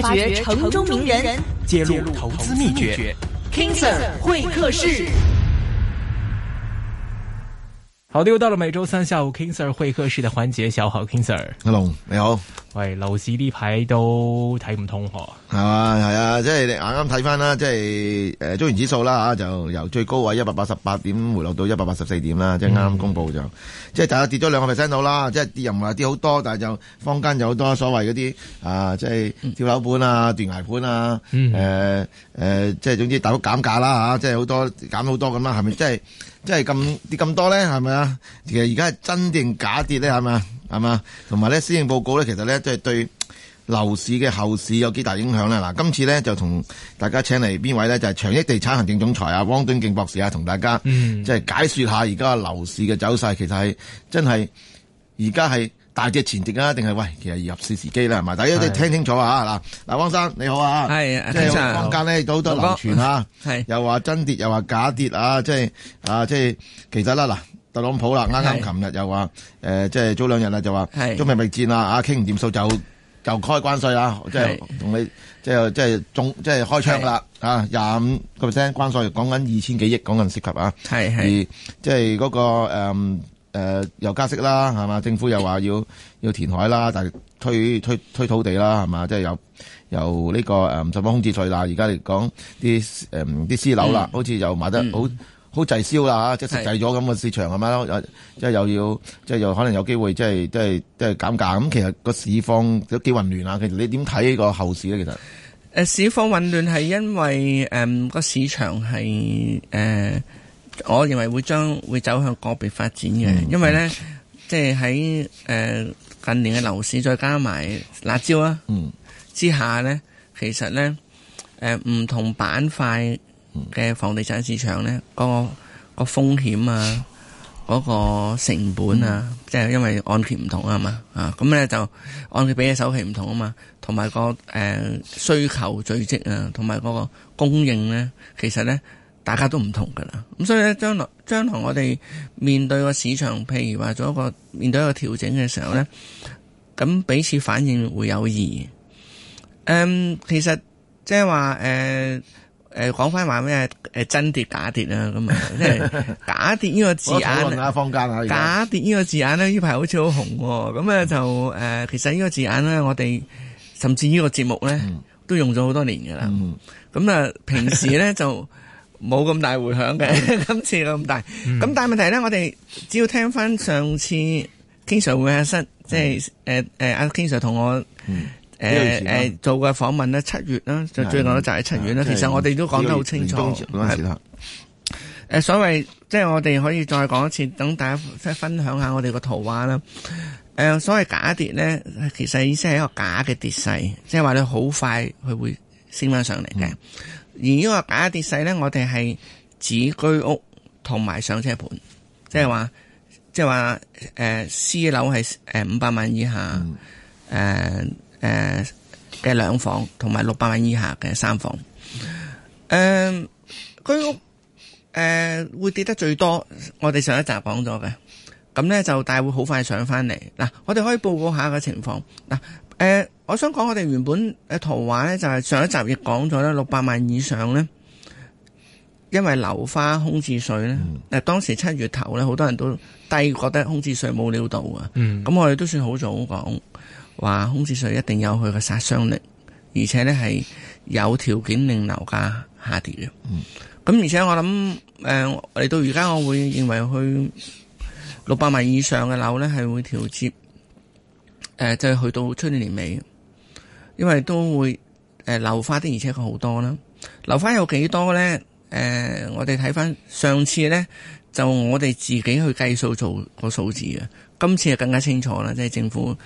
發掘城中名人，人，揭露投資秘訣。秘訣 King, Sir, King Sir 會客室。好，又到了每周三下午 King Sir 會客室嘅環節，小好 King Sir，阿龍你好，喂，樓市呢排都睇唔通喎？係嘛？係啊，即係啱啱睇翻啦，即係誒，中原指數啦吓，就由最高位一百八十八點回落到一百八十四點啦，即係啱啱公布就，即、嗯、係、就是、大家跌咗兩個 percent 到啦，即、就、係、是、跌又唔係跌好多，但係就坊間有好多所謂嗰啲啊，即、就、係、是、跳樓盤啊、斷崖盤啊，誒、嗯、誒，即、呃、係、呃就是、總之大幅減價啦吓，即係好多減好多咁啦，係咪即係？即係咁跌咁多咧，係咪啊？其實而家係真定假跌咧，係咪啊？係咪啊？同埋咧，施政報告咧，其實咧，即係對樓市嘅後市有幾大影響咧。嗱，今次咧就同大家請嚟邊位咧，就係祥益地產行政總裁啊，汪敦敬博士啊，同大家即係解說下而家樓市嘅走勢，其實係真係而家係大隻前程啊，定係喂，其實入市時機啦，係咪？大家都聽清楚啊！嗱，嗱，汪生你好啊，即係坊間咧都好多流傳啊，啊又話真跌又話假跌啊！即係啊，即係其實啦，嗱，特朗普啦，啱啱琴日又話即係早兩日啦就話中美密戰啦、啊，啊，傾唔掂數就就開關稅啦、啊，即係同你即係即係中即係開槍啦、啊！啊，廿五個 percent 關稅，講緊二千幾億，講緊涉及啊，係即係嗰、那個、嗯誒、呃，又加息啦，係嘛？政府又話要要填海啦，但係推推推土地啦，係嘛？即、就、係、是、有又呢、這個誒，唔使幫空置稅啦。而家嚟講啲誒，啲、嗯、私樓啦，嗯、好似又賣得好好滯銷啦，即係蝕滯咗咁嘅市場係咪咯？即係、就是、又要即係、就是、又可能有機會即係即係即係減價。咁、就是就是就是嗯、其實個市況都幾混亂啊。其實你點睇呢個後市咧？其實誒，市況混亂係因為誒個、呃、市場係誒。呃我認為會將會走向個別發展嘅，因為呢即係喺誒近年嘅樓市再加埋辣招啊，之下呢其實呢誒唔、呃、同板塊嘅房地產市場呢、嗯那個、那個風險啊，嗰、那個成本啊，嗯、即係因為按揭唔同啊嘛、嗯，啊咁咧就按揭俾嘅首期唔同啊嘛，同埋、那個誒、呃、需求聚積啊，同埋嗰個供應呢其實呢大家都唔同噶啦，咁所以咧，將來將來我哋面對個市場，譬如話做一個面對一個調整嘅時候咧，咁彼此反應會有異。誒、嗯，其實即係話誒誒，講翻話咩誒，真跌假跌啊，咁啊即係， 假跌呢個字眼啊，假跌呢個字眼咧，呢排好似好紅咁啊。就誒，其實呢個字眼咧，我哋甚至個節呢個節目咧，都用咗好多年噶啦。咁啊，平時咧就。冇咁大回響嘅，嗯、 今次咁大。咁但係問題咧，我哋只要聽翻上次，King Sir 會客室，嗯、即係誒誒，阿 King Sir 同我誒誒、uh, 嗯、做嘅訪問咧，七月啦、嗯，就最近都就係七月啦、嗯。其實我哋都講得好清楚。誒、嗯就是這個那個呃，所謂即係我哋可以再講一次，等大家即係分享下我哋個圖畫啦。誒、呃，所謂假跌咧，其實意思係一個假嘅跌勢，即係話你好快佢會升翻上嚟嘅。嗯而呢個假跌勢咧，我哋係指居屋同埋上車盤，即係話，即係話，誒、呃、私樓係誒五百萬以下，誒誒嘅兩房，同埋六百萬以下嘅三房。誒、呃、居屋誒、呃、會跌得最多，我哋上一集講咗嘅，咁咧就大會好快上翻嚟。嗱，我哋可以報告下個情況嗱。誒、呃，我想講我哋原本誒圖畫咧，就係、是、上一集亦講咗咧六百萬以上咧，因為樓花空置稅咧，誒、嗯、當時七月頭咧，好多人都低覺得空置稅冇料到啊，咁、嗯、我哋都算好早講話空置稅一定有佢嘅殺傷力，而且咧係有條件令樓價下跌嘅，咁、嗯、而且我諗誒嚟到而家我會認為去六百萬以上嘅樓咧係會調節。誒、呃，就係去到春年尾，因為都會誒樓、呃、花的，而且確好多啦。樓花有幾多咧？誒、呃，我哋睇返上次咧，就我哋自己去計數做個數字嘅。今次就更加清楚啦，即係政府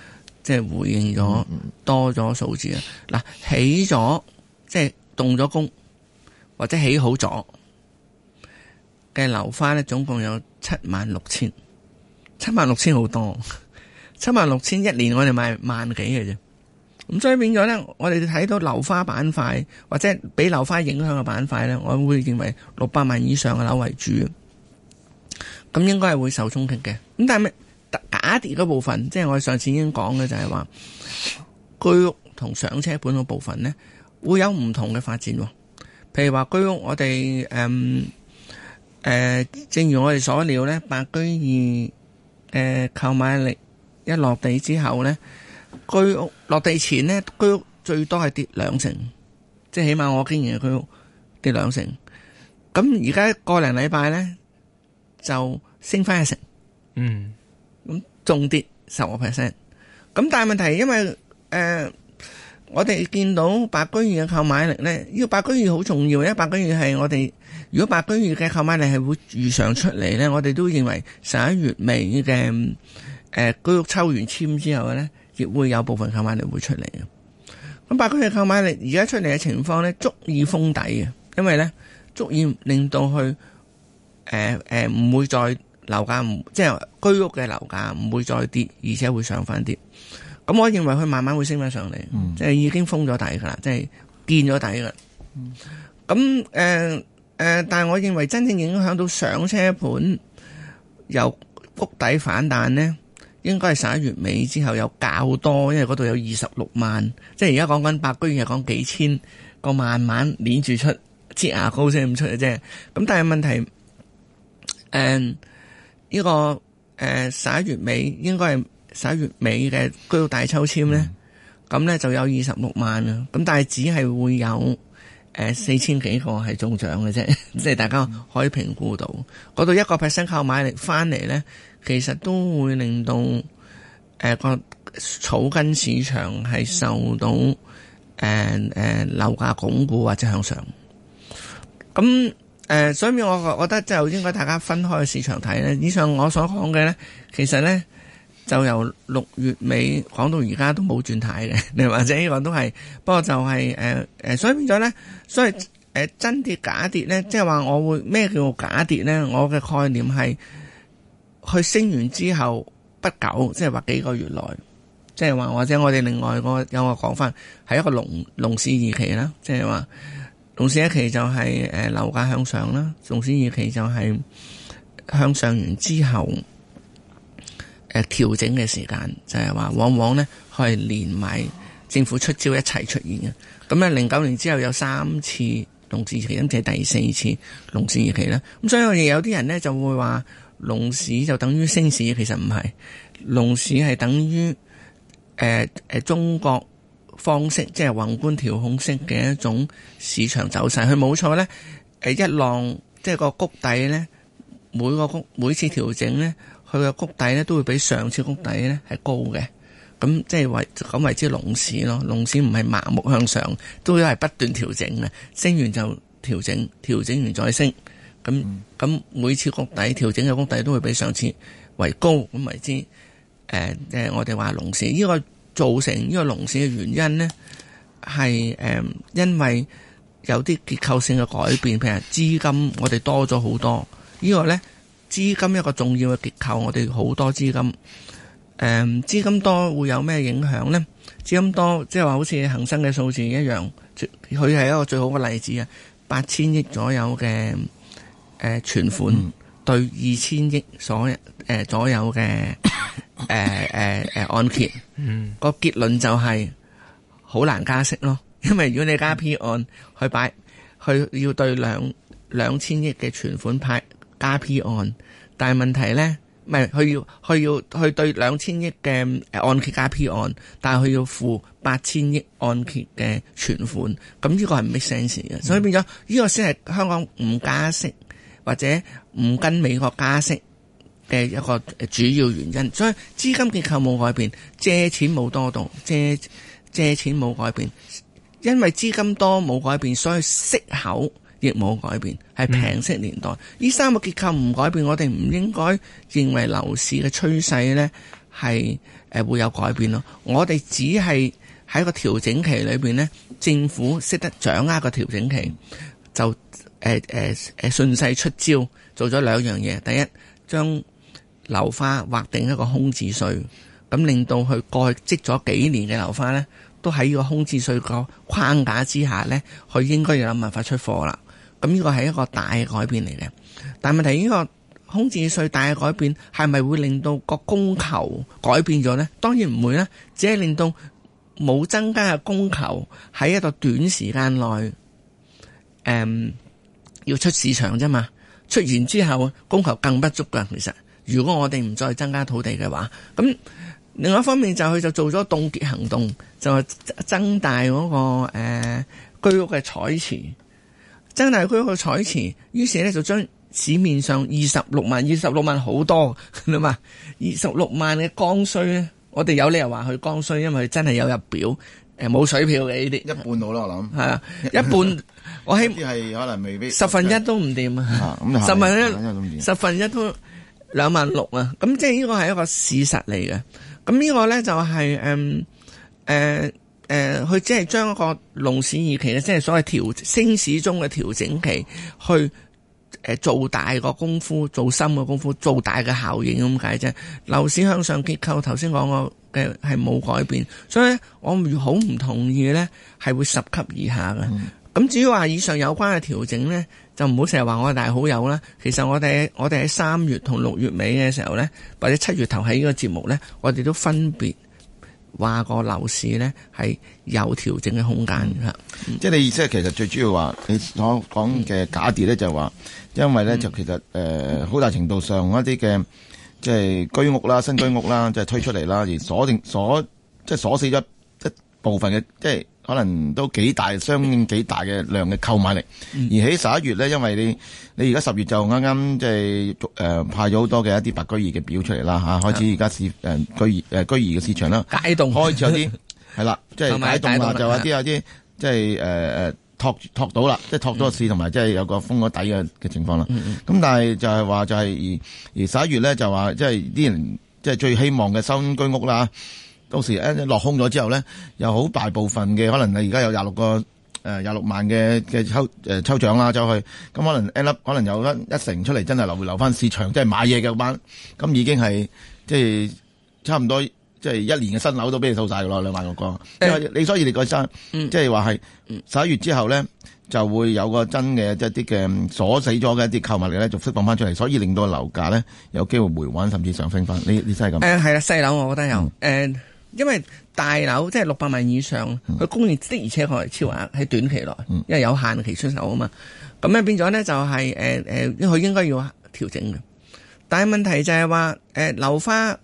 即係回應咗多咗數字啊！嗱、嗯嗯，起咗即係動咗工或者起好咗嘅樓花咧，總共有七萬六千，七萬六千好多。七萬六千一年，我哋買萬幾嘅啫。咁所以變咗咧，我哋睇到樓花板塊或者俾樓花影響嘅板塊咧，我會認為六百萬以上嘅樓為主。咁應該係會受衝擊嘅。咁但係咩打跌嗰部分，即係我哋上次已經講嘅，就係話居屋同上車盤嗰部分咧，會有唔同嘅發展。譬如話居屋我，我哋誒誒，正如我哋所料咧，白居易誒購買力。一落地之後咧，居屋落地前咧，居屋最多係跌兩成，即係起碼我經驗，居屋跌兩成。咁而家個零禮拜咧，就升翻一成。嗯，咁仲跌十個 percent。咁但係問題，因為誒、呃，我哋見到白居易嘅購買力咧，呢個白居易好重要咧。白居易係我哋，如果白居易嘅購買力係會預常出嚟咧， 我哋都認為十一月尾嘅。誒居屋抽完籤之後咧，亦會有部分購買力會出嚟嘅。咁八區嘅購買力而家出嚟嘅情況咧，足以封底嘅，因為咧足以令到佢誒誒唔會再樓價唔即係居屋嘅樓價唔會再跌，而且會上翻啲。咁我認為佢慢慢會升翻上嚟，嗯、即係已經封咗底噶啦，即係見咗底噶啦。咁誒誒，但係我認為真正影響到上車盤由谷底反彈咧。應該係十一月尾之後有較多，因為嗰度有二十六萬，即係而家講緊百，居然係講幾千個慢慢捻住出，擠牙膏先唔出嘅啫。咁但係問題，誒、嗯、呢、這個誒十一月尾應該係十一月尾嘅居屋大抽籤咧，咁、嗯、咧就有二十六萬啊，咁但係只係會有。誒四千幾個係中獎嘅啫，即、嗯、係 大家可以評估到嗰度一個 percent 購買力翻嚟咧，其實都會令到誒個、呃、草根市場係受到誒誒、呃呃、樓價鞏固或者向上。咁誒、呃，所以我我覺得就應該大家分開市場睇咧。以上我所講嘅咧，其實咧。就由六月尾講到而家都冇轉態嘅，你或者呢個都係，不過就係、是、誒、呃、所以變咗咧，所以誒真跌假跌咧，即係話我會咩叫假跌咧？我嘅概念係去升完之後不久，即係話幾個月內，即係話或者我哋另外個有個講法，係一個龍龍市二期啦，即係話龍市一期就係誒樓價向上啦，龍市二期就係向上完之後。誒調整嘅時間就係話，往往呢係連埋政府出招一齊出現嘅。咁咧，零九年之後有三次龍市期，咁即係第四次龍市期啦。咁所以我哋有啲人呢就會話龍市就等於升市，其實唔係。龍市係等於誒誒中國方式，即係宏觀調控式嘅一種市場走勢。佢冇錯呢，一浪即係個谷底呢，每個谷每次調整呢。佢嘅谷底咧都會比上次谷底咧係高嘅，咁即係為咁為之龍市咯。龍市唔係盲目向上，都係不斷調整嘅，升完就調整，調整完再升。咁咁每次谷底調整嘅谷底都會比上次為高，咁為之誒我哋話龍市。呢個造成呢個龍市嘅原因呢係誒因為有啲結構性嘅改變，譬如資金我哋多咗好多，呢個咧。資金一個重要嘅結構，我哋好多資金，誒、嗯、資金多會有咩影響呢？資金多即係話好似恒生嘅數字一樣，佢係一個最好嘅例子啊！八千億左右嘅誒、呃、存款、嗯、對二千億所誒左右嘅誒誒按揭，個、嗯、結論就係、是、好難加息咯。因為如果你加 P 按去擺去要對兩兩千億嘅存款派。加 P 案，但係問題咧，唔係佢要佢要佢對兩千億嘅按揭加 P 案，但係佢要付八千億按揭嘅存款，咁呢個係 make sense 嘅，所以變咗呢個先係香港唔加息或者唔跟美國加息嘅一個主要原因。所以資金結構冇改變，借錢冇多到，借借錢冇改變，因為資金多冇改變，所以息口。亦冇改變，係平息年代，呢、嗯、三個結構唔改變，我哋唔應該認為樓市嘅趨勢呢係誒會有改變咯。我哋只係喺個調整期裏邊呢，政府識得掌握個調整期，就誒誒誒順勢出招，做咗兩樣嘢。第一，將樓花劃定一個空置稅，咁令到佢過去積咗幾年嘅樓花呢，都喺個空置稅個框架之下呢，佢應該要有辦法出貨啦。咁呢個係一個大嘅改變嚟嘅，但問題呢個空置稅大嘅改變係咪會令到個供求改變咗呢？當然唔會啦，只係令到冇增加嘅供求喺一個短時間內，誒、嗯、要出市場啫嘛。出完之後，供求更不足嘅。其實，如果我哋唔再增加土地嘅話，咁另外一方面就佢就做咗凍結行動，就係增大嗰、那個、呃、居屋嘅彩池。增大佢個彩池，於是咧就將市面上二十六萬、二十六萬好多，係嘛？二十六萬嘅剛需咧，我哋有理由話佢剛需，因為佢真係有入表，冇、呃、水票嘅呢啲，一半好啦，我諗係啊一，一半， 我希、啊，望係可能未必，十分一都唔掂啊，咁十分一，十分一都兩萬六啊，咁即係呢個係一個事實嚟嘅，咁呢個咧就係誒誒。呃呃誒、呃，佢只係將個龍市二期咧，即係所謂調升市中嘅調整期，去誒做大個功夫，做深嘅功夫，做大嘅效應咁解啫。樓市向上結構，頭先講我嘅係冇改變，所以咧我唔好唔同意咧係會十級以下嘅。咁、嗯、至於話以上有關嘅調整咧，就唔好成日話我係大好友啦。其實我哋我哋喺三月同六月尾嘅時候咧，或者七月頭喺呢個節目咧，我哋都分別。話個樓市呢係有調整嘅空間吓、嗯，即係你意思係其實最主要的話你所講嘅假跌咧就係話，因為咧就其實誒好、呃嗯、大程度上一啲嘅即係居屋啦、新居屋啦、就是，即係推出嚟啦，而鎖定鎖即係鎖死咗一部分嘅即係。可能都幾大，相應幾大嘅量嘅購買力。嗯、而喺十一月咧，因為你你而家十月就啱啱即係誒派咗好多嘅一啲白居二嘅表出嚟啦、啊、開始而家市誒、呃、居二、呃、居二嘅市場啦，解凍開始有啲係啦，即係解凍啦，就有啲有啲即係誒誒託到啦，即係托咗市同埋即係有個封個底嘅嘅情況啦。咁、嗯、但係就係話就係而十一月咧就話即係啲人即係、就是、最希望嘅新居屋啦。到時誒落空咗之後咧，有好大部分嘅可能你而家有廿六個誒廿六萬嘅嘅抽誒、呃、抽獎啦，走去咁可能一粒可能有粒一成出嚟，真係流回流翻市場，即、就、係、是、買嘢嘅班，咁已經係即係差唔多即係一年嘅新樓都俾你掃晒噶啦，兩萬六個。你、欸、所以你講真，嗯，即係話係十一月之後咧就會有個真嘅即係啲嘅鎖死咗嘅一啲購物力咧，就釋放翻出嚟，所以令到樓價咧有機會回穩甚至上升翻。呢你，你真係咁？誒、欸、係啦，細樓我覺得有、嗯欸欸因為大樓即係六百萬以上，佢供應的而且確係超額，喺短期內，因為有限期出售啊嘛，咁樣變咗咧就係誒誒，佢、呃呃、應該要調整嘅。但係問題就係話，誒、呃、樓花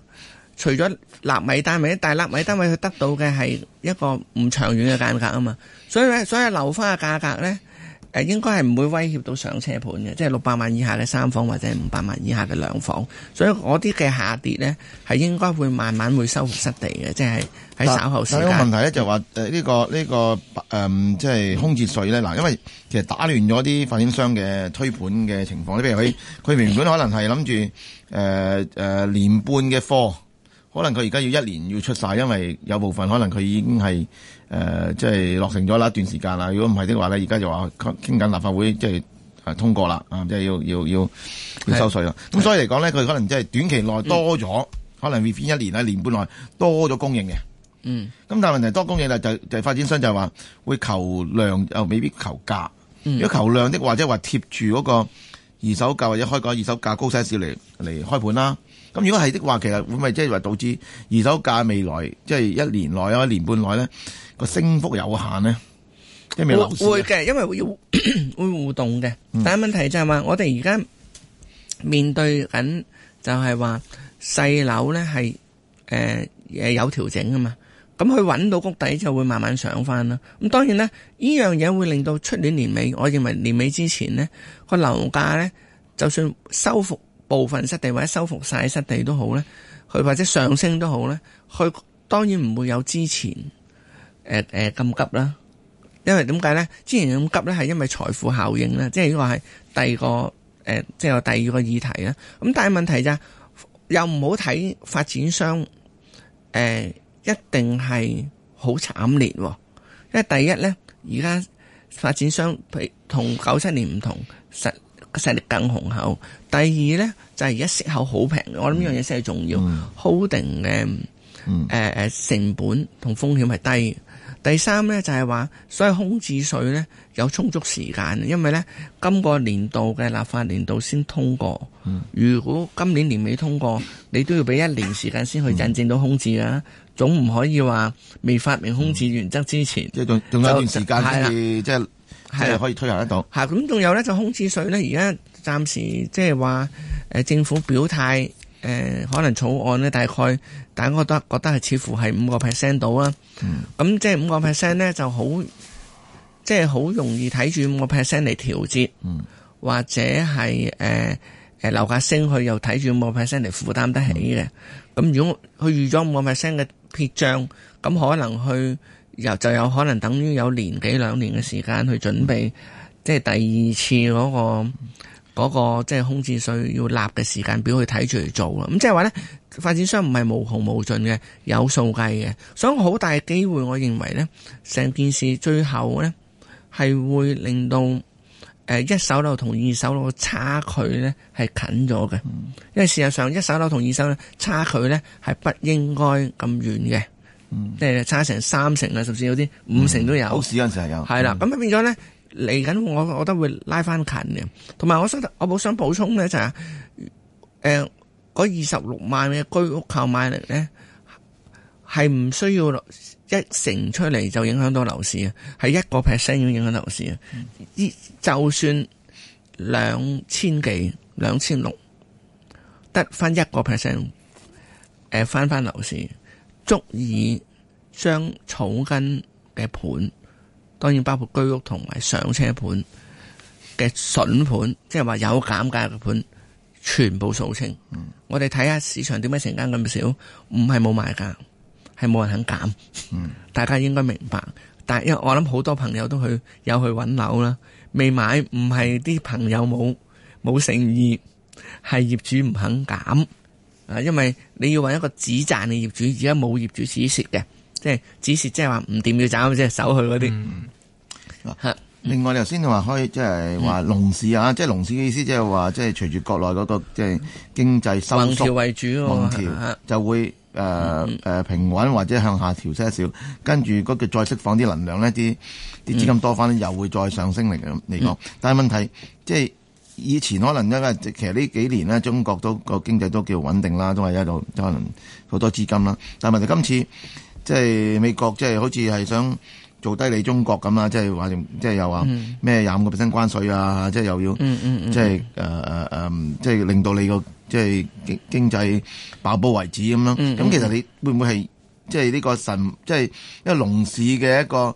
除咗納米單位、大納米單位，佢得到嘅係一個唔長遠嘅價格啊嘛，所以咧，所以樓花嘅價格咧。誒應該係唔會威脅到上車盤嘅，即係六百萬以下嘅三房或者五百萬以下嘅兩房，所以嗰啲嘅下跌咧係應該會慢慢會收復失地嘅，即係喺稍後時間。但，但個問題咧就係話呢個呢個誒即係空置稅咧，嗱，因為其實打亂咗啲發展商嘅推盤嘅情況，你譬如佢佢原本可能係諗住誒誒年半嘅貨，可能佢而家要一年要出晒，因為有部分可能佢已經係。誒、呃，即係落成咗啦，一段時間啦。如果唔係的話呢，而家就話傾緊立法會，即係通過啦，啊，即係要要要收稅啦。咁所以嚟講呢，佢可能即係短期內多咗、嗯，可能未來一年啊，一年半內多咗供應嘅。嗯。咁但係問題多供應咧，就就發展商就話會求量又未必求價。嗯。如果求量的話即係話貼住嗰個二手價或者開個二手價高曬少嚟嚟開盤啦。咁如果係的話，其實會唔會即係話導致二手價未來即係、就是、一年內啊，一年半內呢。升幅有限呢，因為會嘅，因為會會互動嘅、嗯。但係問題就係、是、話，我哋而家面對緊就係話細樓咧係誒誒有調整㗎嘛。咁佢搵到谷底就會慢慢上返啦。咁當然啦，呢樣嘢會令到出年年尾，我認為年尾之前咧個樓價咧，就算收復部分失地或者收復晒失地都好咧，佢或者上升都好咧，佢當然唔會有之前。誒誒咁急啦，因為點解咧？之前咁急咧，係因為財富效應啦，即係呢個係第二個誒，即係有第二個議題啦。咁但係問題就係又唔好睇發展商誒，一定係好慘烈。因為第一咧，而家發展商比同九七年唔同，實實力更雄厚。第二咧，就係而家息口好平，我諗呢樣嘢先係重要，holding 嘅誒誒成本同風險係低。第三呢，就係話，所以空置稅呢，有充足時間，因為呢，今個年度嘅立法年度先通過。如果今年年尾通過，你都要俾一年時間先去印證到空置嘅，總唔可以話未發明空置原則之前。嗯嗯、即係仲仲有一段時間可以、嗯、即係可、啊啊、可以推行得到。嚇、啊！咁仲有呢，就空置稅呢，而家暫時即係話政府表態、呃、可能草案呢，大概。但係我都覺得係似乎係五個 percent 度啦，咁、嗯、即係五個 percent 咧就好，即係好容易睇住五個 percent 嚟調節，嗯、或者係誒誒樓價升佢又睇住五個 percent 嚟負擔得起嘅。咁、嗯、如果佢預咗五個 percent 嘅撇賬，咁可能佢又就有可能等於有年幾兩年嘅時間去準備，嗯、即係第二次嗰、那個。嗯嗰、那個即係空置稅要立嘅時間表去睇住嚟做啦，咁即係話咧，發展商唔係無窮無盡嘅，有數計嘅，所以好大機會，我認為咧，成件事最後咧係會令到、呃、一手樓同二手樓嘅差距咧係近咗嘅，嗯、因為事實上一手樓同二手咧差距咧係不應該咁遠嘅，即、嗯、係差成三成啊，甚至有啲五成都有。好時嗰陣時係有。係啦，咁啊變咗咧。嚟緊，我覺得會拉翻近嘅。同埋，我想我冇想補充咧、就係，就係誒嗰二十六萬嘅居屋購買力咧，係唔需要一成出嚟就影響到樓市，係一個 percent 要影響樓市啊！依、嗯、就算兩千幾、兩千六，得翻一個 percent，誒翻翻樓市，足以將草根嘅盤。當然包括居屋同埋上車盤嘅筍盤，即係話有減價嘅盤，全部掃清。嗯、我哋睇下市場點解成交咁少，唔係冇賣㗎，係冇人肯減、嗯。大家應該明白。但係因為我諗好多朋友都去有去揾樓啦，未買唔係啲朋友冇冇誠意，係業主唔肯減。啊，因為你要揾一個只賺你業主，而家冇業主只蝕嘅。即係只是指示，即係話唔掂要斬即啫，守佢嗰啲另外，你頭先話可以即係話龍市啊，即係龍市嘅意思即係話，即係隨住國內嗰、嗰個即係經濟收縮為主，就會誒誒、嗯呃、平穩或者向下調些少。跟住嗰個再釋放啲能量呢啲啲資金多翻、嗯，又會再上升嚟嘅咁嚟講。但係問題即係以前可能因為其實呢幾年呢，中國都個經濟都叫穩定啦，都係一路可能好多資金啦。但係問題今次。即係美國，即係好似係想做低你中國咁啦，即係話，即係又話咩引入個貶值關稅啊，即係又要，嗯嗯、即係誒誒誒，即係令到你個即係經濟爆煲為止咁樣。咁、嗯、其實你會唔會係即係呢個神，即係因為龍市嘅一個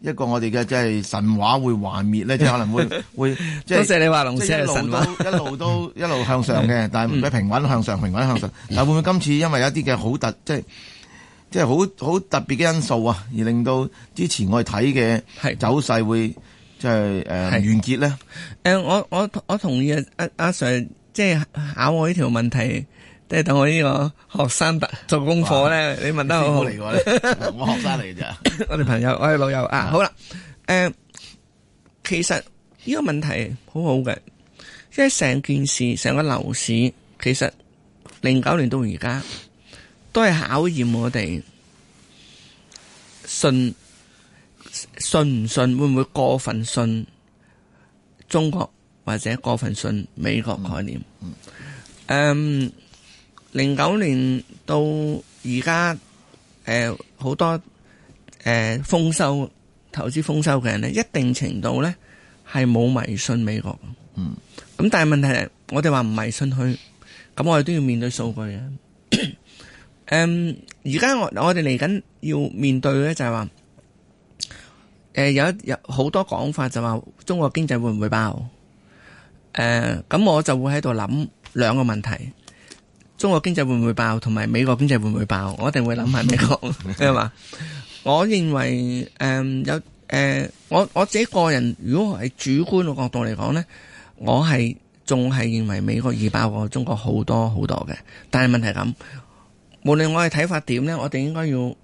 一個,一個我哋嘅即係神話會幻滅咧？即係可能會 會即。多謝你話龍市嘅神話一路都一路向上嘅、嗯，但係唔係平穩向上，平穩向上。嗯、但會唔會今次因為一啲嘅好突即係？即係好好特別嘅因素啊，而令到之前我哋睇嘅走勢會即係誒完結咧。誒、嗯，我我我同意阿、啊、阿、啊啊、Sir，即係考我呢條問題，即係等我呢個學生做功課咧。你問得好好。我嚟 我學生嚟咋 ？我哋朋友，我哋老友 啊，好啦，誒、呃，其實呢個問題好好嘅，即係成件事成個樓市，其實零九年到而家。都係考驗我哋信信唔信，會唔會過分信中國或者過分信美國概念？嗯，嗯、um, 零九年到而家，誒、呃、好多誒呃、豐收投資豐收嘅人咧，一定程度咧係冇迷信美國。嗯，咁但係問題係，我哋話唔迷信佢，咁我哋都要面對數據啊。誒、嗯，而家我我哋嚟緊要面對咧，就係話誒，有有好多講法就話中國經濟會唔會爆？誒、呃，咁我就會喺度諗兩個問題：中國經濟會唔會爆，同埋美國經濟會唔會爆？我一定會諗下美國，係 嘛？我認為誒、呃，有誒、呃，我我自己個人如果係主觀嘅角度嚟講咧，我係仲係認為美國易爆過中國好多好多嘅，但係問題咁。無論我嘅睇法點呢，我哋應該要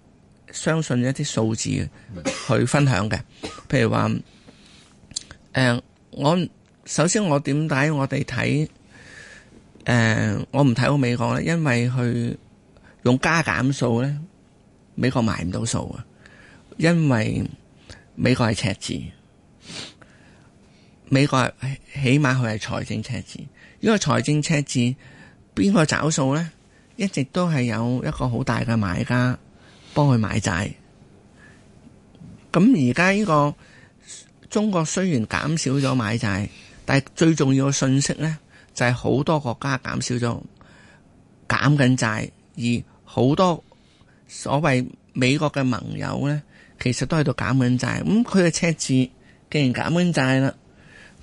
相信一啲數字去分享嘅。譬如話、呃，我首先我點解我哋睇、呃，我唔睇好美國呢，因為佢用加減數呢，美國買唔到數啊，因為美國係赤字，美國起碼佢係財政赤字，因為財政赤字邊個找數呢？一直都係有一個好大嘅買家幫佢買債，咁而家呢個中國雖然減少咗買債，但係最重要嘅信息呢，就係好多國家減少咗減緊債，而好多所謂美國嘅盟友呢，其實都喺度減緊債，咁佢嘅赤字既然減緊債啦，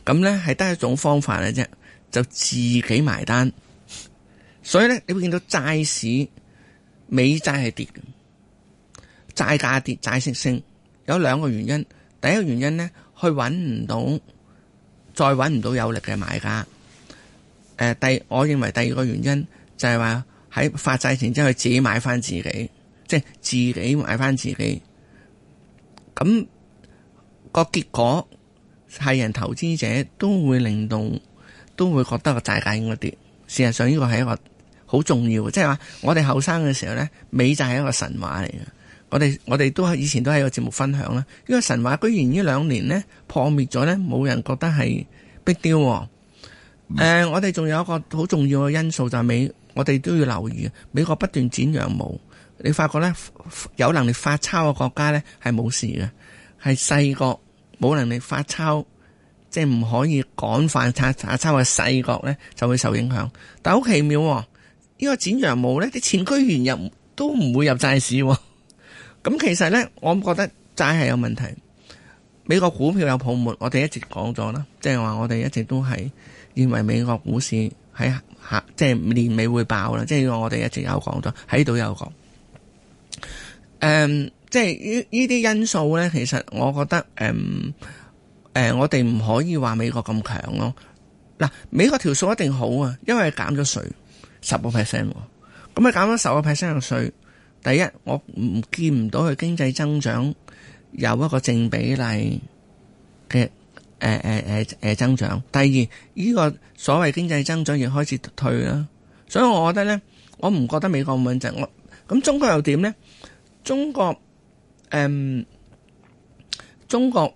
咁呢係得一種方法嘅啫，就自己埋單。所以呢，你會見到債市美債係跌，債價跌，債息升。有兩個原因，第一個原因呢，去搵唔到，再搵唔到有力嘅買家。誒，第我認為第二個原因就係話喺發債前，真係自己買返自己，即係自己買返自己。咁個結果係人投資者都會令到，都會覺得個債價應該跌。事實上，呢個係一個。好重要，即係話我哋後生嘅時候呢，美就係一個神話嚟嘅。我哋我哋都係以前都係個節目分享啦。呢個神話居然呢兩年呢破滅咗呢，冇人覺得係逼雕。誒、嗯呃，我哋仲有一個好重要嘅因素就係美，我哋都要留意。美國不斷剪羊毛，你發覺呢有能力發鈔嘅國家呢係冇事嘅，係細國冇能力發鈔，即係唔可以趕快刷刷鈔嘅細國呢就會受影響。但好奇妙。呢、這個剪羊毛呢啲前居原入都唔會入債市，咁其實呢，我唔覺得債係有問題。美國股票有泡沫，我哋一直講咗啦，即係話我哋一直都係認為美國股市喺下即係年尾會爆啦，即係我我哋一直有講咗，喺度有講。誒、嗯，即係呢啲因素呢，其實我覺得誒誒、嗯，我哋唔可以話美國咁強咯。嗱，美國條數一定好啊，因為減咗稅。十個 percent 喎，咁啊減咗十個 percent 嘅稅。第一，我唔見唔到佢經濟增長有一個正比例嘅誒誒誒誒增長。第二，呢個所謂經濟增長亦開始退啦。所以，我覺得咧，我唔覺得美國唔穩陣。我咁中國又點咧？中國誒、嗯，中國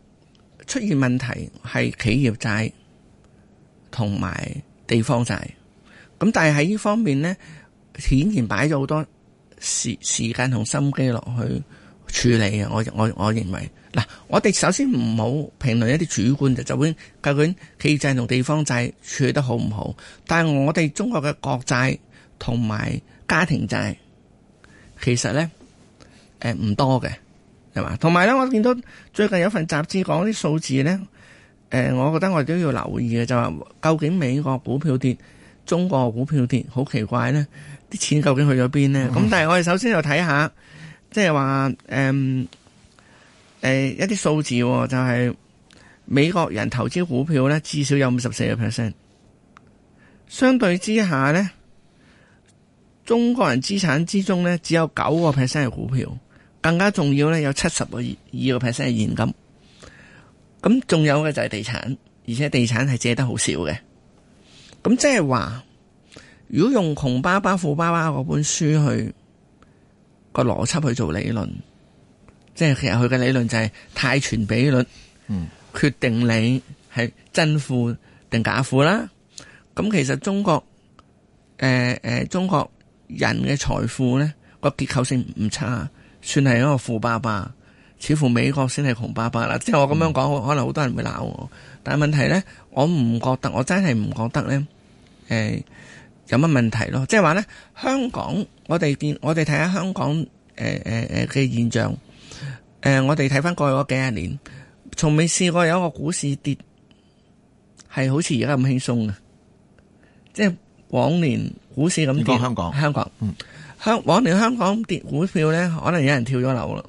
出現問題係企業債同埋地方債。咁但係喺呢方面呢，顯然擺咗好多時時間同心機落去處理嘅，我我我認為嗱，我哋首先唔好評論一啲主觀嘅，就究竟企業債同地方債處理得好唔好？但係我哋中國嘅國債同埋家庭債其實呢，誒唔多嘅係嘛。同埋咧，我見到最近有份雜誌講啲數字呢，誒，我覺得我哋都要留意嘅，就話究竟美國股票跌。中國股票跌，好奇怪呢，啲錢究竟去咗邊呢？咁、嗯、但係我哋首先又睇下，即係話誒誒一啲數字，就係、是、美國人投資股票呢，至少有五十四個 percent。相對之下呢，中國人資產之中呢，只有九個 percent 係股票，更加重要呢，有七十個二個 percent 係現金。咁仲有嘅就係地產，而且地產係借得好少嘅。咁即係話，如果用窮爸爸富爸爸嗰本書去個邏輯去做理論，即係其實佢嘅理論就係貸存比率，嗯，決定你係真富定假富啦。咁其實中國誒誒、呃，中國人嘅財富咧個結構性唔差，算係一個富爸爸，似乎美國先係窮爸爸啦。即係我咁樣講、嗯，可能好多人會鬧我，但係問題咧，我唔覺得，我真係唔覺得咧。誒、呃，有乜問題咯？即係話咧，香港我哋見我哋睇下香港誒誒誒嘅現象。誒、呃，我哋睇返過去嗰幾廿年，從未試過有一個股市跌係好似而家咁輕鬆㗎。即、就、係、是、往年股市咁跌你香，香港、嗯、香港嗯香往年香港跌股票咧，可能有人跳咗樓啦。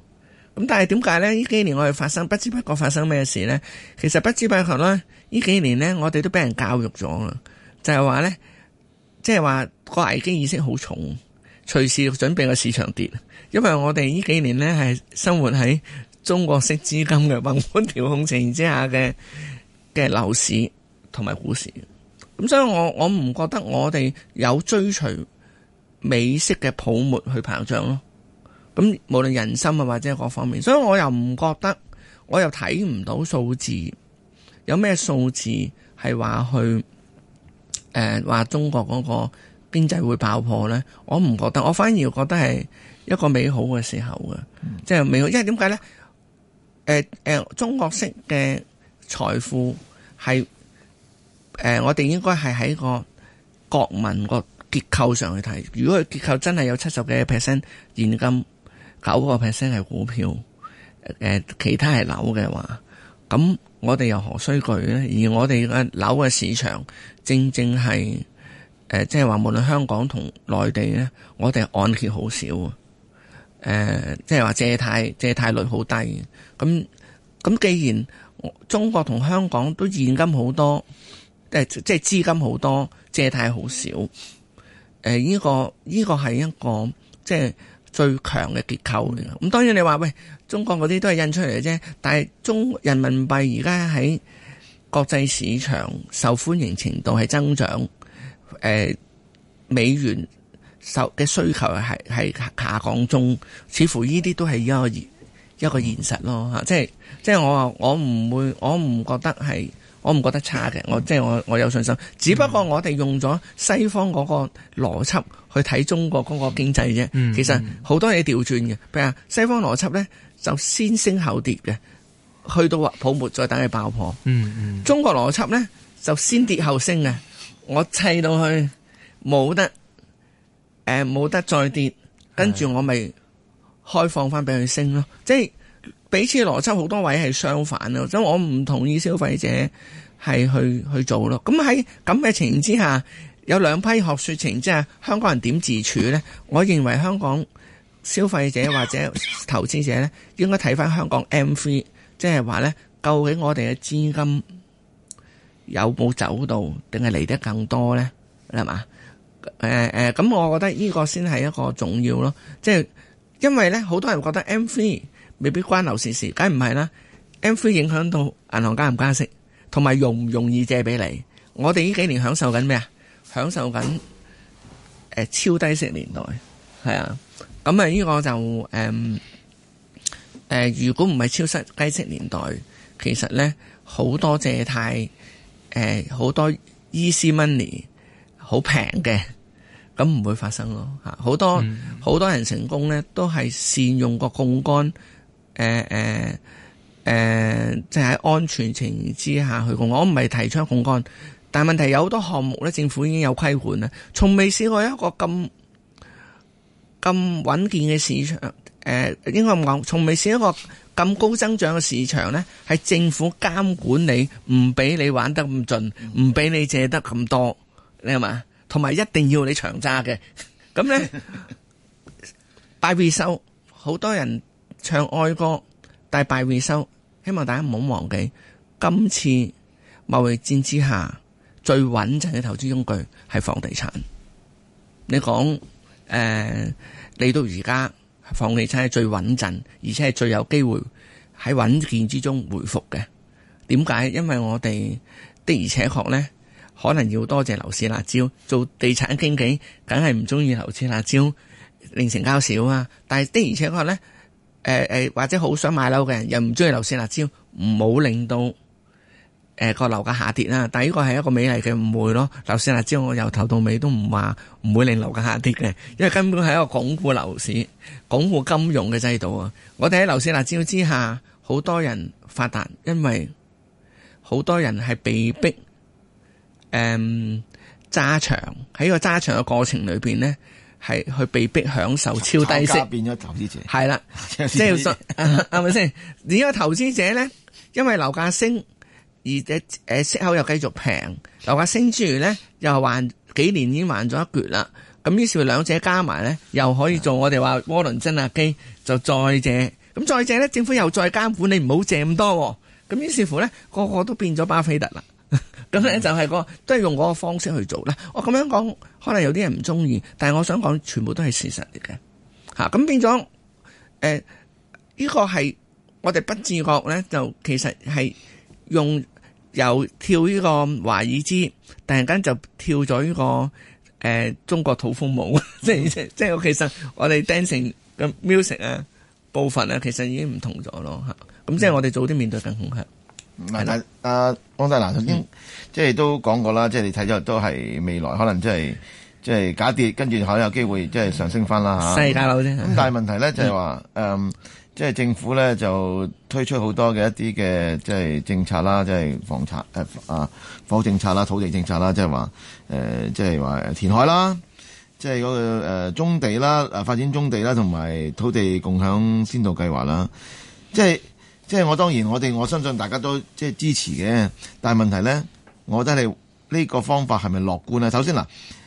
咁但係點解咧？呢幾年我哋發生不知不覺發生咩事咧？其實不知不覺啦，呢幾年咧，我哋都俾人教育咗啦。就係話呢，即係話個危機意識好重，隨時準備個市場跌。因為我哋呢幾年呢，係生活喺中國式資金嘅宏觀調控情況之下嘅嘅樓市同埋股市。咁所以我我唔覺得我哋有追隨美式嘅泡沫去膨脹咯。咁無論人心啊或者各方面，所以我又唔覺得我又睇唔到數字有咩數字係話去。誒話中國嗰個經濟會爆破咧，我唔覺得，我反而覺得係一個美好嘅時候嘅，即、就、係、是、美好，因為點解咧？誒、呃、誒、呃，中國式嘅財富係誒、呃，我哋應該係喺個國民個結構上去睇，如果佢結構真係有七十幾個 percent 現金，九個 percent 係股票，誒、呃、其他係樓嘅話，咁。我哋又何須懼呢？而我哋嘅樓嘅市場正正係即係話無論香港同內地呢，我哋按揭好少，誒，即係話借貸借貸率好低。咁咁既然中國同香港都現金好多，即係資金好多，借貸好少。誒，呢個呢個係一個即係。最強嘅結構，咁當然你話喂，中國嗰啲都係印出嚟嘅啫，但係中人民幣而家喺國際市場受歡迎程度係增長，誒、呃、美元受嘅需求係係下降中，似乎呢啲都係一個一個現實咯吓，即係即係我我唔會我唔覺得係。我唔覺得差嘅，我即係、嗯、我我有信心。只不過我哋用咗西方嗰個邏輯去睇中國嗰個經濟啫、嗯嗯。其實好多嘢調轉嘅，譬如西方邏輯呢就先升後跌嘅，去到泡沫再等佢爆破。嗯，嗯，中國邏輯呢就先跌後升嘅，我砌到去冇得誒、呃、冇得再跌，跟住我咪開放翻俾佢升咯，即係。彼此邏輯好多位係相反啊，即我唔同意消費者係去去做咯。咁喺咁嘅情形之下，有兩批學說情，即係香港人點自處呢？我認為香港消費者或者投資者呢，應該睇翻香港 M3，即係話呢，究竟我哋嘅資金有冇走到，定係嚟得更多呢？係嘛？誒、呃、咁、呃、我覺得呢個先係一個重要咯，即係因為呢，好多人覺得 M3 未必關樓市事，梗唔係啦。M3 影響到銀行加唔加息，同埋容唔容易借俾你。我哋呢幾年享受緊咩啊？享受緊誒超低息年代，係啊。咁啊呢個就誒誒，如果唔係超低息低息年代，其實咧好多借貸誒好多 easy money 好平嘅，咁唔會發生咯吓。好多好多人成功咧，都係善用個槓桿。誒誒誒，就係、是、安全情形之下去槓桿，我唔係提倡槓桿，但係問題有好多項目咧，政府已經有規管啦，從未試過一個咁咁穩健嘅市場，誒、呃，應該咁講，從未試過一個咁高增長嘅市場咧，係政府監管你，唔俾你玩得咁盡，唔俾你借得咁多，你係嘛？同埋一定要你長揸嘅，咁咧 by result，好 多人。唱哀歌大敗會收，希望大家唔好忘記。今次貿易戰之下，最穩陣嘅投資工具係房地產。你講誒，嚟、呃、到而家，房地產係最穩陣，而且係最有機會喺穩健之中回復嘅。點解？因為我哋的而且確咧，可能要多謝樓市辣椒。做地產經紀，梗係唔鍾意樓市辣椒令成交少啊。但係的而且確咧。誒，或者好想買樓嘅人又唔中意樓市辣椒，唔好令到誒個樓價下跌啦。但係呢個係一個美麗嘅誤會咯。樓市辣椒我由頭到尾都唔話唔會令樓價下跌嘅，因為根本係一個鞏固樓市、鞏固金融嘅制度啊。我哋喺樓市辣椒之下，好多人發達，因為好多人係被逼誒揸場，喺個揸場嘅過程裏面咧。係去被逼享受超低息，變咗投資者係啦，即係係咪先？而 家、啊、投資者咧，因為樓價升而誒誒息口又繼續平，樓價升之餘咧又還幾年已經還咗一橛啦。咁於是乎兩者加埋咧，又可以做我哋話渦輪增壓機，就再借。咁再借咧，政府又再監管你唔好借咁多。咁於是乎咧，個個都變咗巴菲特啦。咁咧就係、那個，都係用嗰個方式去做啦。我咁樣講，可能有啲人唔中意，但係我想講，全部都係事實嚟嘅。吓，咁變咗，誒、這個，呢個係我哋不自覺咧，就其實係用由跳呢個華爾茲，突然間就跳咗呢、這個誒、呃、中國土風舞，即係即係即係，其實我哋 dancing 嘅 music 啊部分咧、啊，其實已經唔同咗咯。吓，咁即係我哋早啲面對更恐嚇。唔係，但啊汪敦敬頭先即係都講過啦，即係你睇咗都係未來可能即係即係假跌，跟住可能有機會即係上升翻啦嚇。大樓啫。咁但係問題咧就係話誒，即係政府咧就推出好多嘅一啲嘅即係政策啦，即係房策誒啊房政策啦、土地政策啦，即係話誒，即係話填海啦，即係嗰個誒、呃、棕地啦、啊、發展棕地啦，同埋土地共享先導計劃啦，即係。即係我當然，我哋我相信大家都即係支持嘅。但係問題咧，我覺得你呢個方法係咪樂觀啊？首先嗱，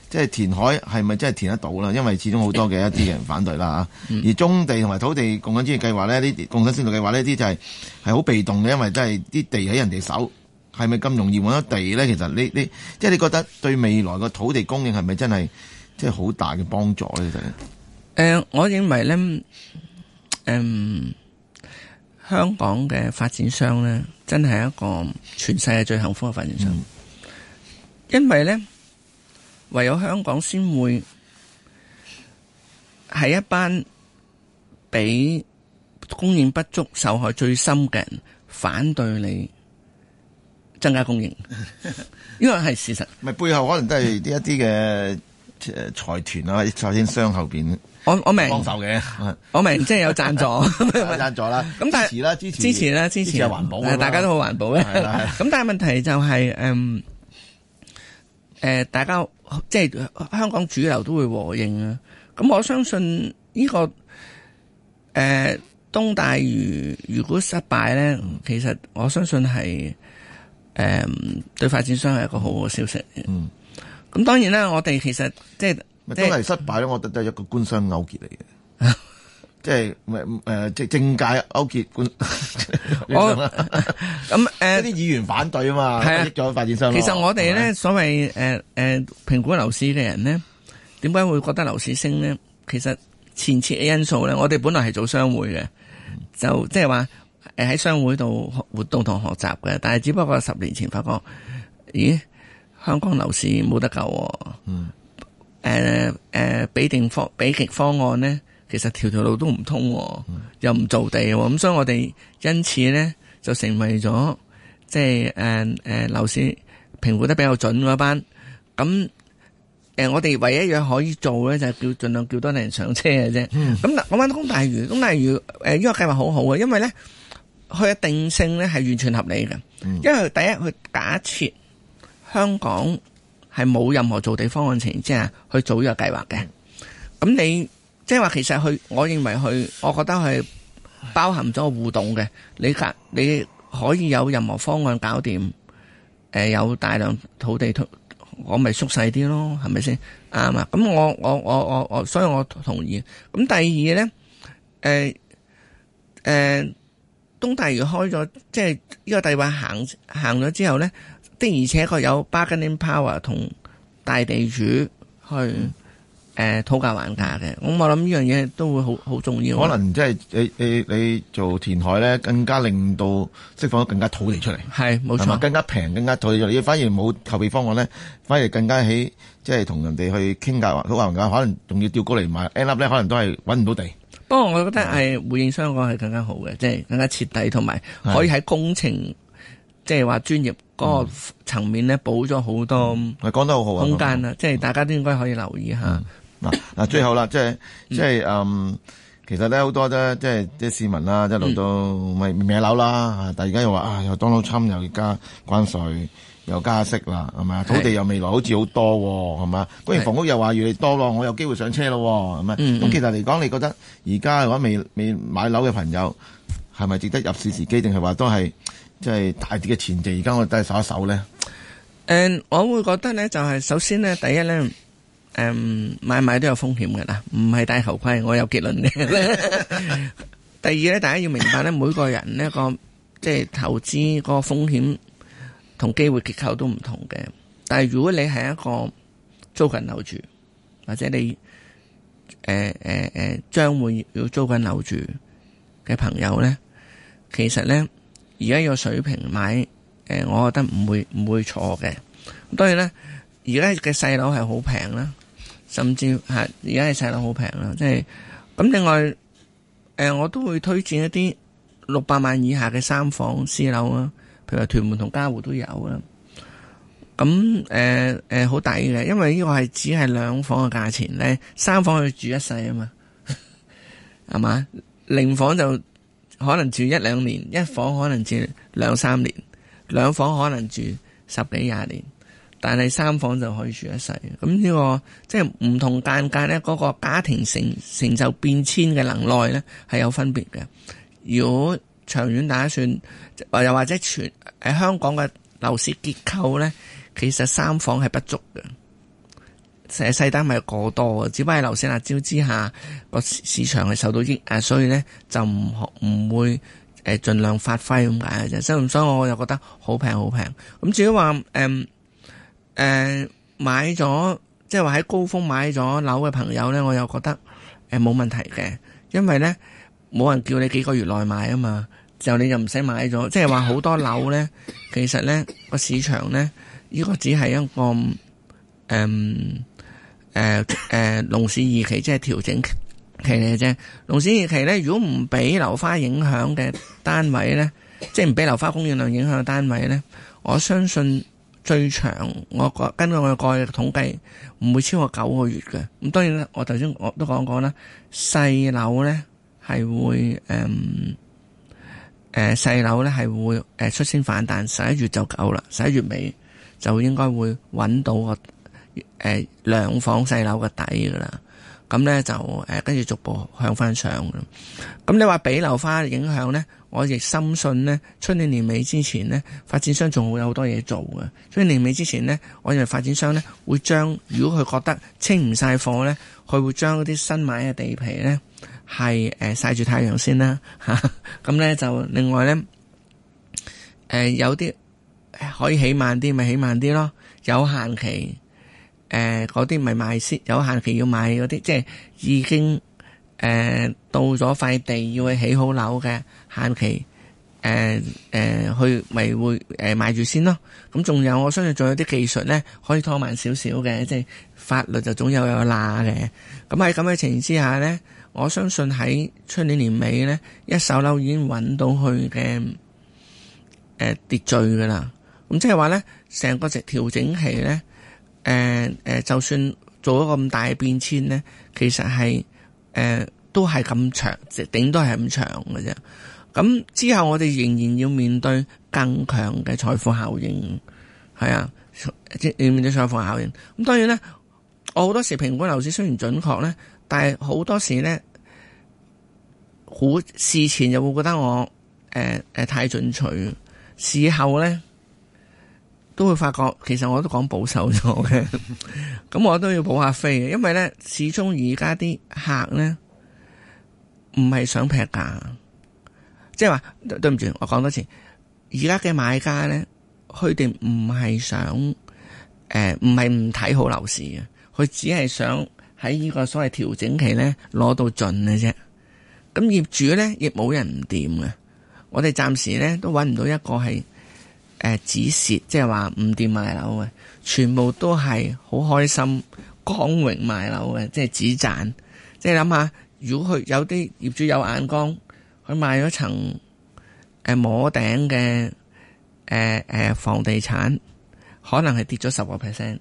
即係填海係咪真係填得到啦？因為始終好多嘅一啲嘅人反對啦、嗯、而棕地同埋土地共享先導計劃咧，呢啲共享先導計劃呢啲就係係好被動嘅，因為真係啲地喺人哋手，係咪咁容易揾到地咧？其實呢，即係、即係、你覺得對未來個土地供應係咪真係即係好大嘅幫助咧？其實誒，我認為咧，誒、呃。香港嘅發展商咧，真係一個全世界最幸福嘅發展商。因為咧，唯有香港先會係一班俾供應不足受害最深嘅人，反對你增加供應，呢個係事實。咪 背後可能都係呢一啲嘅誒財團啊，發展商後面。我我明，嘅，我明即係、就是、有贊助，贊助啦，咁支持啦，支持啦，支持，支持係環保啦，大家都好環保嘅，咁但係問題就係、是，誒、嗯，誒、呃，大家即係、就是、香港主流都會和應啊，咁我相信呢、這個，誒、呃，東大如如果失敗咧，其實我相信係，誒、呃，對發展商係一個好好嘅消息，嗯，咁當然啦，我哋其實即係。就是真係失敗咧、嗯，我覺得都係一個官商勾結嚟嘅，即係誒，即、呃、係政界勾結官。咁 誒，啲、嗯呃、 議員反對啊嘛，激咗、啊、 發展商。其實我哋咧所謂誒誒評估樓市嘅人咧，點解會覺得樓市升咧？其實前設嘅因素咧，我哋本來係做商會嘅、嗯，就即係話誒喺商會度活動同學習嘅，但係只不過十年前發覺，咦，香港樓市冇得救、啊。嗯。誒、呃、誒，俾、呃、定方俾極方案呢，其實條條路都唔通，哦嗯，又唔造地、哦，咁所以我哋因此呢，就成為咗即係誒誒，樓市評估得比較準嗰班。咁、嗯、誒、呃，我哋唯一樣可以做呢，就係、是、叫盡量叫多啲人上車嘅啫。咁我問公大如，公大如誒，呢、呃、個計劃好好啊，因為呢，佢嘅定性呢係完全合理嘅、嗯，因為第一佢假設香港。係冇任何做地方案情形之下去做呢個計劃嘅。咁你即係話，就是、其實佢，我認為佢，我覺得係包含咗互動嘅。你你可以有任何方案搞掂，誒、呃，有大量土地，我咪縮細啲咯，係咪先啱啊？咁我我我我我，所以我同意。咁第二咧，誒、呃、誒、呃，東大嶼開咗，即係呢個計劃行行咗之後咧。的而且確有 Bargaining power 同大地主去誒討價還價嘅，咁、嗯、我諗呢樣嘢都會好好重要。可能即係你你你做填海咧，更加令到釋放得更加土地出嚟，係冇錯，更加平更加土地出嚟，反而冇投地方案咧，反而更加起，即係同人哋去傾價討價還價，可能仲要吊高嚟賣。end up 咧，可能都係揾唔到地。不過我覺得係回應相講係更加好嘅，即、就、係、是、更加徹底，同埋可以喺工程。即係話專業嗰個層面咧，補咗好多空間啦。即、嗯、係、嗯啊嗯就是、大家都應該可以留意一下。嗱、嗯、嗱、嗯嗯，最後啦、就是就是嗯嗯就是，即係即係其實咧好多咧，即係啲市民啦、啊，一、就是、路到咪咩樓啦。但而家又話啊，又當攞差，又加關稅，又加息啦，係咪土地又未來好似好多喎、哦，係咪啊？然房屋又話越嚟多咯，我有機會上車咯、哦，係咪？咁、嗯嗯、其實嚟講，你覺得而家如果未未買樓嘅朋友，係咪值得入市時機，定係話都係？即、就、係、是、大啲嘅前景，而家我都係手一手咧。誒、嗯，我會覺得咧，就係、是、首先咧，第一咧，誒、嗯，買賣都有風險噶啦，唔係戴頭盔，我有結論嘅。 第二咧，大家要明白咧， 每個人呢個即係投資個風險同機會結構都唔同嘅。但係如果你係一個租緊樓住，或者你誒誒誒，將、呃呃、會要租緊樓住嘅朋友咧，其實咧。而家有水平買，誒，我覺得唔會唔會錯嘅。當然咧，而家嘅細樓係好平啦，甚至係而家嘅細樓好平啦，即係咁。另外，誒，我都會推薦一啲六百萬以下嘅三房私樓啊，譬如話屯門同嘉湖都有啦。咁誒誒，好抵嘅，因為呢個係只係兩房嘅價錢咧，三房去住一世啊嘛，係嘛，零房就，可能住一兩年，一房可能住兩三年，兩房可能住十幾廿年，但係三房就可以住一世。咁、這、呢個即係唔同間隔呢嗰個家庭成成就變遷嘅能耐呢，係有分別嘅。如果長遠打算，或又或者全喺香港嘅樓市結構呢，其實三房係不足嘅。誒細單位過多，只不過喺流星辣招之下個市場場係受到抑壓，所以咧就唔唔會盡量發揮咁解嘅啫。所所以我就覺得好平好平。咁至於話誒誒買咗即係話喺高峰買咗樓嘅朋友咧，我又覺得冇問題嘅，因為咧冇人叫你幾個月內買啊嘛，就你就唔使買咗。即係話好多樓咧，其實咧個市場咧呢個只係一個誒。嗯誒、呃、誒，樓、呃、市二期即係調整期嚟嘅啫。樓市二期咧，如果唔俾樓花影響嘅單位咧，即係唔俾樓花供應量影響嘅單位咧，我相信最長我過根據我嘅過去統計，唔會超過九個月嘅。咁當然啦，我頭先我都講過啦，細樓咧係會誒誒，細樓咧係會誒出先反彈，但十一月就夠啦，十一月尾就應該會揾到個。誒，兩房細樓嘅底噶啦，咁咧就誒，跟住逐步向翻上咁。咁你話俾樓花影響咧，我亦深信咧，春年年尾之前咧，發展商仲會有好多嘢做嘅。春年年尾之前咧，我認為發展商咧會將，如果佢覺得清唔晒貨咧，佢會將嗰啲新買嘅地皮咧係誒曬住太陽先啦。咁咧就另外咧，誒有啲可以起慢啲，咪起慢啲咯，有限期。誒、呃，嗰啲咪賣先，有限期要買嗰啲，即係已經誒、呃、到咗塊地要去起好樓嘅，限期誒誒、呃呃、去咪會誒賣住先咯。咁仲有，我相信仲有啲技術咧，可以拖慢少少嘅，即係法律就總有有罅嘅。咁喺咁嘅情況之下咧，我相信喺出年年尾咧，一手樓已經搵到佢嘅誒秩序噶啦。咁即係話咧，成個值調整期咧。誒、呃、誒,就算做咗咁大嘅變遷咧,其實係誒、呃、都係咁長，頂多係咁長嘅啫。咁之後我哋仍然要面對更強嘅財富效應，係啊,要面對財富效應。咁當然咧,我好多時評估樓市雖然準確咧,但係好多時咧,好事前又會覺得我誒誒、呃、太進取,事後咧。都會發覺，其實我都講保守咗嘅，咁 我都要補下飛嘅，因為咧始終而家啲客咧唔係想劈價，即係話對唔住，我講多次，而家嘅買家咧，佢哋唔係想誒，唔係唔睇好樓市，佢只係想喺呢個所謂調整期咧攞到盡嘅啫。咁業主咧亦冇人唔掂嘅，我哋暫時咧都揾唔到一個係。誒，止蝕，即係話唔掂賣樓嘅，全部都係好開心、光榮賣樓嘅，即係止賺。即係諗下，如果佢有啲業主有眼光，佢賣咗層誒摸頂嘅誒誒房地產，可能係跌咗十個 percent。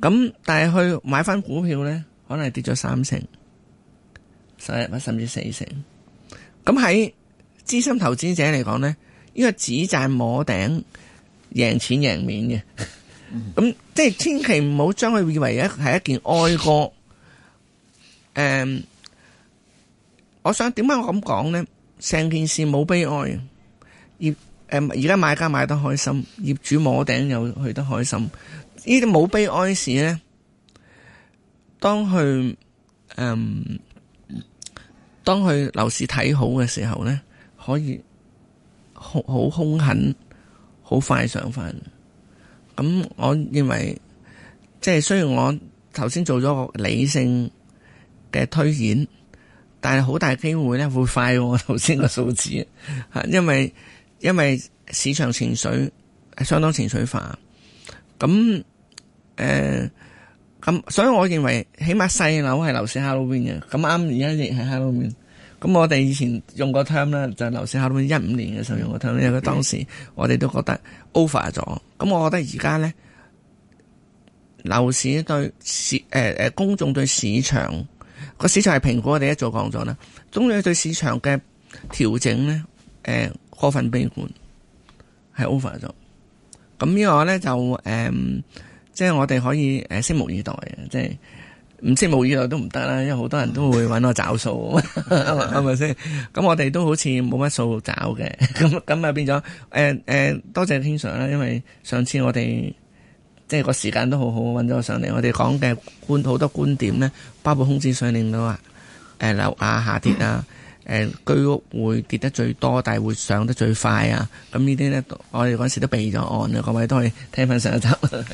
咁但係去買翻股票咧，可能係跌咗三成，所以甚至四成。咁喺資深投資者嚟講咧，呢個只賺摸頂，贏錢贏面嘅，咁、 嗯、即係千祈唔好將佢以為一係一件哀歌。誒、嗯，我想點解我咁講咧？成件事冇悲哀，業誒而家買家買得開心，業主摸頂又去得開心，呢啲冇悲哀事咧。當佢，誒、嗯，當佢樓市睇好嘅時候咧，可以。好兇狠，好快上翻。咁我認為，即係雖然我頭先做咗個理性嘅推演，但係好大機會咧會快過我頭先個數字，吓， 因為因為市場情緒相當情緒化。咁誒，咁、呃、所以我認為起碼細樓係樓市 Halloween 嘅，咁啱而家亦係 Halloween。咁我哋以前用個 term 啦，就樓市考到一五年嘅時候用個 term，因為當時我哋都覺得 over 咗。咁我覺得而家咧，樓市對市、呃、公眾對市場個市場係評估。我哋一早講咗啦。中央對市場嘅調整咧，誒、呃、過分悲觀，係 over 咗。咁呢個咧就誒、呃，即係我哋可以誒拭、呃、目以待嘅，即係。唔知冇無語都唔得啦，因為好多人都會搵我找數，係咪先？咁我哋都好似冇乜數找嘅，咁咁啊變咗誒誒，多謝 King Sir 啦，因為上次我哋即係個時間都好好，搵咗我上嚟，我哋講嘅觀好多觀點咧，包括空置率令到啊誒樓價下跌啊，誒、呃、居屋會跌得最多，但係會上得最快啊，咁呢啲咧我哋嗰時都備咗案嘅各位，都可以聽翻上一集。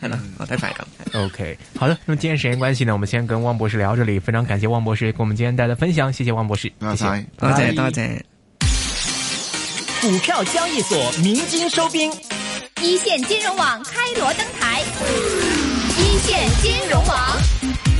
看了，好太快了。OK，好的。那麼今天時間關係呢，我們先跟汪博士聊這裏。非常感謝汪博士給我們今天帶來的分享，謝謝汪博士，謝謝，多謝，多 謝 股票交易所鳴金收兵，一線金融網開鑼登台，一 線金融網。